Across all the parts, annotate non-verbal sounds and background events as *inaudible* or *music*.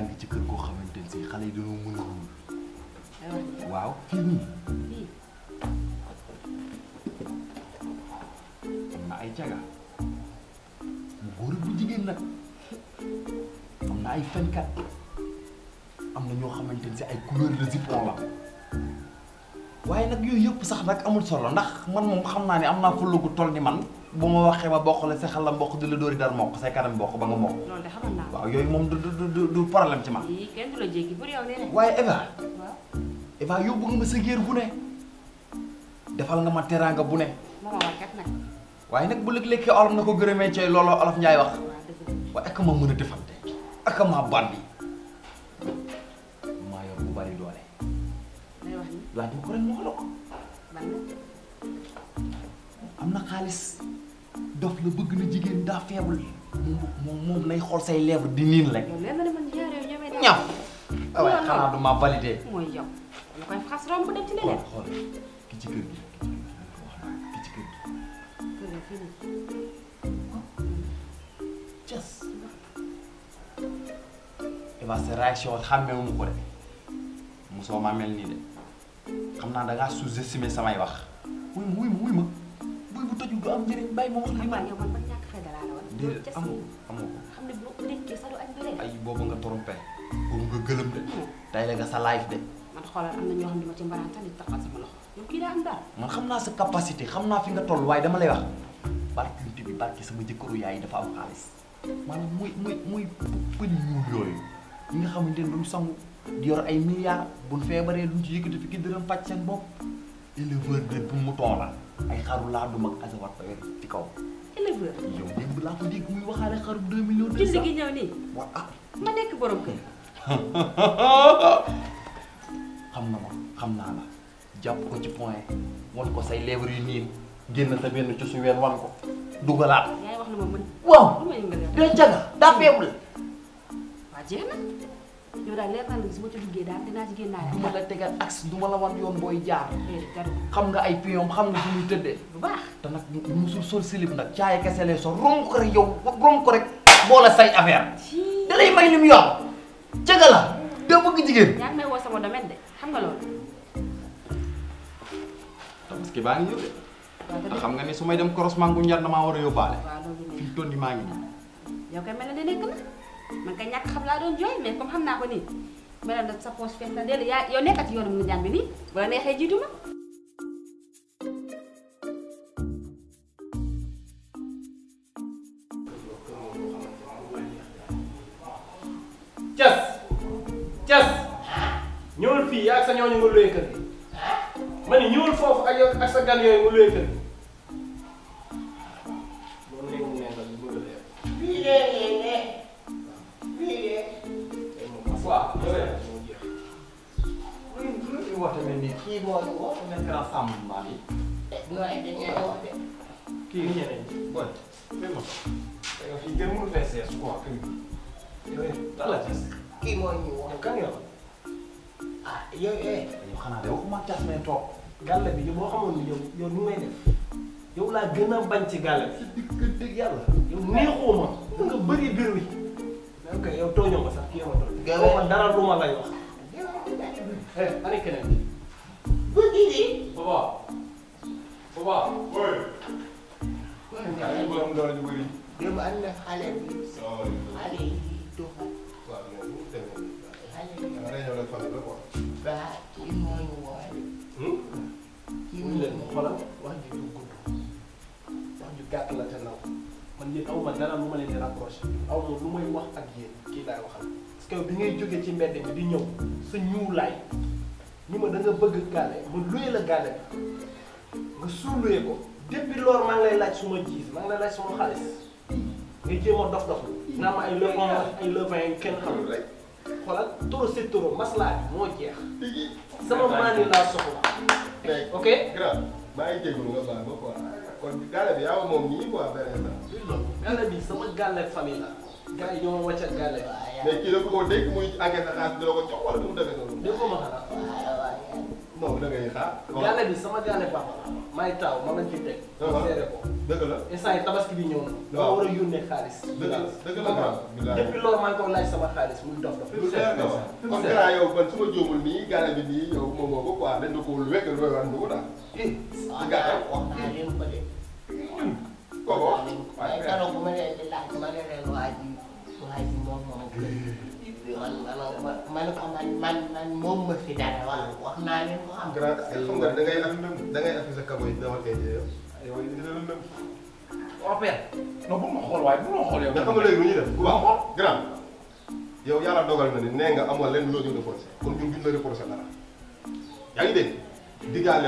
yaa ngi ci kër goo xamante ne si xale yi dañoo mën ruur waaw fii nii am na ay caga bu góor bu jigéen nag am na ay fenkat am na ñoo xamante ne si ay couleur de jupon la waaye nag yooyu yëpp sax nag amul solo ndax man moom xam naa ni am naa fulla gu toll ni man bu ma waxee ma bokk la sexal la mboq di la dóori dara mboq say kanam mboq ba nga mboq. loolu de xamal naa waaw yooyu moom du du du du la jéggi pour waaye Eva. Eva yóbbu nga ma sa bu ne. defal nga ma teraanga bu ne. nag. waaye nag bu lëkk-lëkkee olof na ko gërëmee ci looloo olof Njaay wax. waaye ak ma mën a defante ak ma bandi. maa yor bu bari doole. laaj ma ko ren ma ko am na xaalis. dof la bëgg na jigéen daa faible moom moom nay xool say lèvre di niin rek. yow waaye ah xanaa du ma validé. mooy yow lu koy xas romb dem ci leneen. xool sa réaction xàmmeewu ma ko de mosoo ma mel nii de xam naa da ngaa sous samay wax wuy ma wuy ma wuy ma. du am njëriñ bàyyi ma wax ma. waaw yow man man ñàkk fay dalaa nga trompé. boobu nga gëlëm de. Hmm. tay la nga de. man xoolal am na ma ci mbaraan daal. man xam naa sa capacité xam naa fi nga toll waaye dama lay wax barke unité bi barke sama jëkkëru yaay dafa am xaalis maanaam muy muy muy pëñ ñuul yooyu ñi nga xamante ne duñ sangu di yor ay milliards buñ feebaree duñ ci yëkkati fi ki dërëm faj seen bopp éleveur de bu mu toolal ay xaru du mag ak war a yor ci kaw. éleveur yow démb laa ko dégg muy waxaale xaru 2 millions. 200 jënd gi ñëw nii. wa ah. ma nekk borom kër. *laughs* xam na ma xam naa la jàpp ko ci point wan ko say lèvres yu niin génn sa benn ci su ween ko dugalaat. yaa waaw. lu ma yëngal yow. daa feebul. waa yow daal leer ma ci duggee daal dinaa ci la tegal axe du ma la wan yoon booy jaar. Eh, xam nga ay pion xam nga fi muy tëddee. bu baax te nag musul sol silib nag. caay kese lay soo romb ko rek yow romb ko rek boole say affaire. da lay may li mu yor cëga la te jigéen. yaa sama domaine xam nga loolu. tabaski baa ngi ñëw de. te xam nga ni su may dem koros mangu ñaar war a yóbbaale. waaw loolu fi mu maa yow kay mel nekk na. man kay ñàkk xam laa doon jooy mais comme xam naa ko nii ma ne sa poche fees na dellu yaa yow nekkati yoonu mu jàmbi nii wala neexee jiitu ma. Thiès Thiès fii yaa ak sa ñooñu nga luy kër gi ma ne foofu ak sa gan yooyu luy kër ni kii boo woo nekk na sàmm maa ngi. kii nii bon même ma. da nga fi xanaa de waxuma tas may toog. gàll bi yow boo xamoon yo yow yow nu may def. yow laa gën a bañ ci gàll bi. dëgg dëgg yàlla. yow neexoo da nga bëri biir wi. ok yow tooñoo ma sax kii yow ma dara lu ma lay 흑인이? 봐봐. 봐봐. 그럼 안나 할래. 할래. 또 ba ci mooy woor. ci mooy leen xoolal wax ji du gudd wax ju gàtt la te naw man yéen aw ma dara lu ma leen di rapproché aw ma lu may wax ak yéen kii laay waxal parce que bi ngay jógee ci mbedd mi di ñëw sa ñuulaay ni ma da nga bëgg gaale ma luye la gaale nga surluye ko depuis loolu maa ngi i laaj suma jiis maa ngi lay laaj suma xaalis nga jéem a dof dof naa ay ay levain kenn xamul rek xoolal toro c'est toro maslaa bi moo jeex sama maani laa soxla ok grave ngi jégalu nga baal bi yaa moom nii quoi beneen la gaale bi sama gaale famille da ngay xaar. gàlle bi sama gàlle papa maay taaw ma lañ ciy teg. seere ko dëgg la instant yi tabaski bi ñëw na. waaw a yónnee xaalis. dëgg loolu maa ngi ko sama xaalis muy dof dof. tout seet kon gannaaw yow man su ma jóomul nii gàlle bi nii yow moom moo ko quoi ko wóolu wekk wan dugg daal. eh ah gàllankoor ah. ko de. Hmm. kooku wax ne leen waa man man man man moom ma fi dara wax naa leen ko am. grand xam nga da ngay ma tey yow. yow dina la lëm. waaw père. non bu ma xool waaye bu ma xool yow. nga nga léegi lu ñuy def. ku wax grand. yow yàlla dogal na ni nee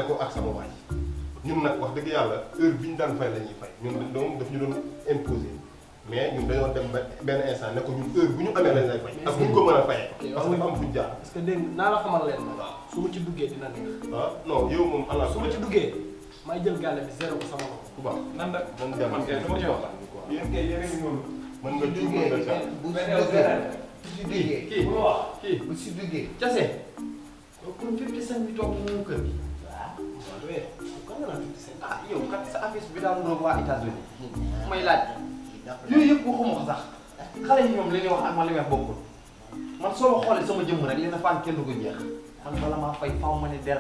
ko ak sama ñun nag wax dëgg yàlla heure bi ñu daan fay la ñuy fay ñun dañu doon ñu doon imposer. mais ñun dañoo dem ba benn instant ne ñun bu ñu amee lañ lay fay. ak bu ñu ko a fayee. parce que ñu am fuñ jaar. parce que dégg naa la xamal leen. waaw su ma ci buggee dina neex. ah non yow moom ala. su ma ci ko sama bopp. waaw nan la. man de man de dama ci wax la. yéen kay a ngi noonu. mën nga ci mën nga caa. bu Case. kon fifty cent bi toog mu kër gi. waaw waaw ah, sa affiche bi daal doon waa états may laaj. yooyu yëpp waxuma ko sax xale yi ñoom li ñuy wax ak man li may man soo xoolee sama jëmm rek li na faan kenn du ko jeex man bala maa fay faaw ma ne der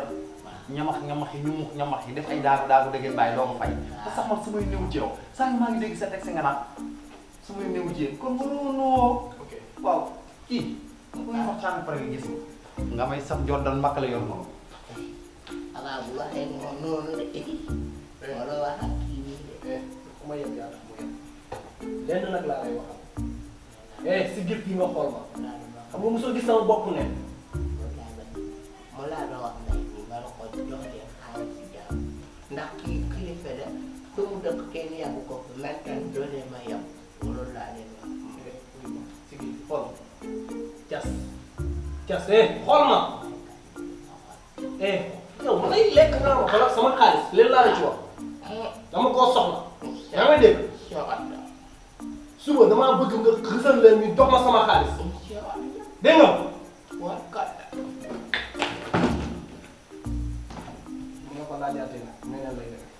ñamax ñamax yi ñu mux ñamax yi def ay daagu daagu dëggeen bàyyi doo ma fay te sax man su may néew ci yow saa maa ngi dégg sa teg si nga naan su may néew ci kon mënoo waaw kii bu ñu waxtaan pare nga gis may sax jordal mbàkk la la wala eh. wax lenn nag laa lay waxal eh si gëf gi nga xool ma xam nga mosoo gis sama bopp ne. ma laa doon wax mbay mi ma la ko jox leen xaalis bi jàmm ndax kii kilifa la fi mu dëkk kenn yàggu ko fi maintenant doo leen ma yem loolu laa leen wax. si gëf xool ma cas cas eh ma eh yow ma lay lekk naa ma xoolal sama xaalis leen laa la ci wax eh. dama koo soxla yaa ngi dégg. suba damaa bëgg nga xësal leen ñu jox ma sama xaalis dégg nga waaw kay mu nga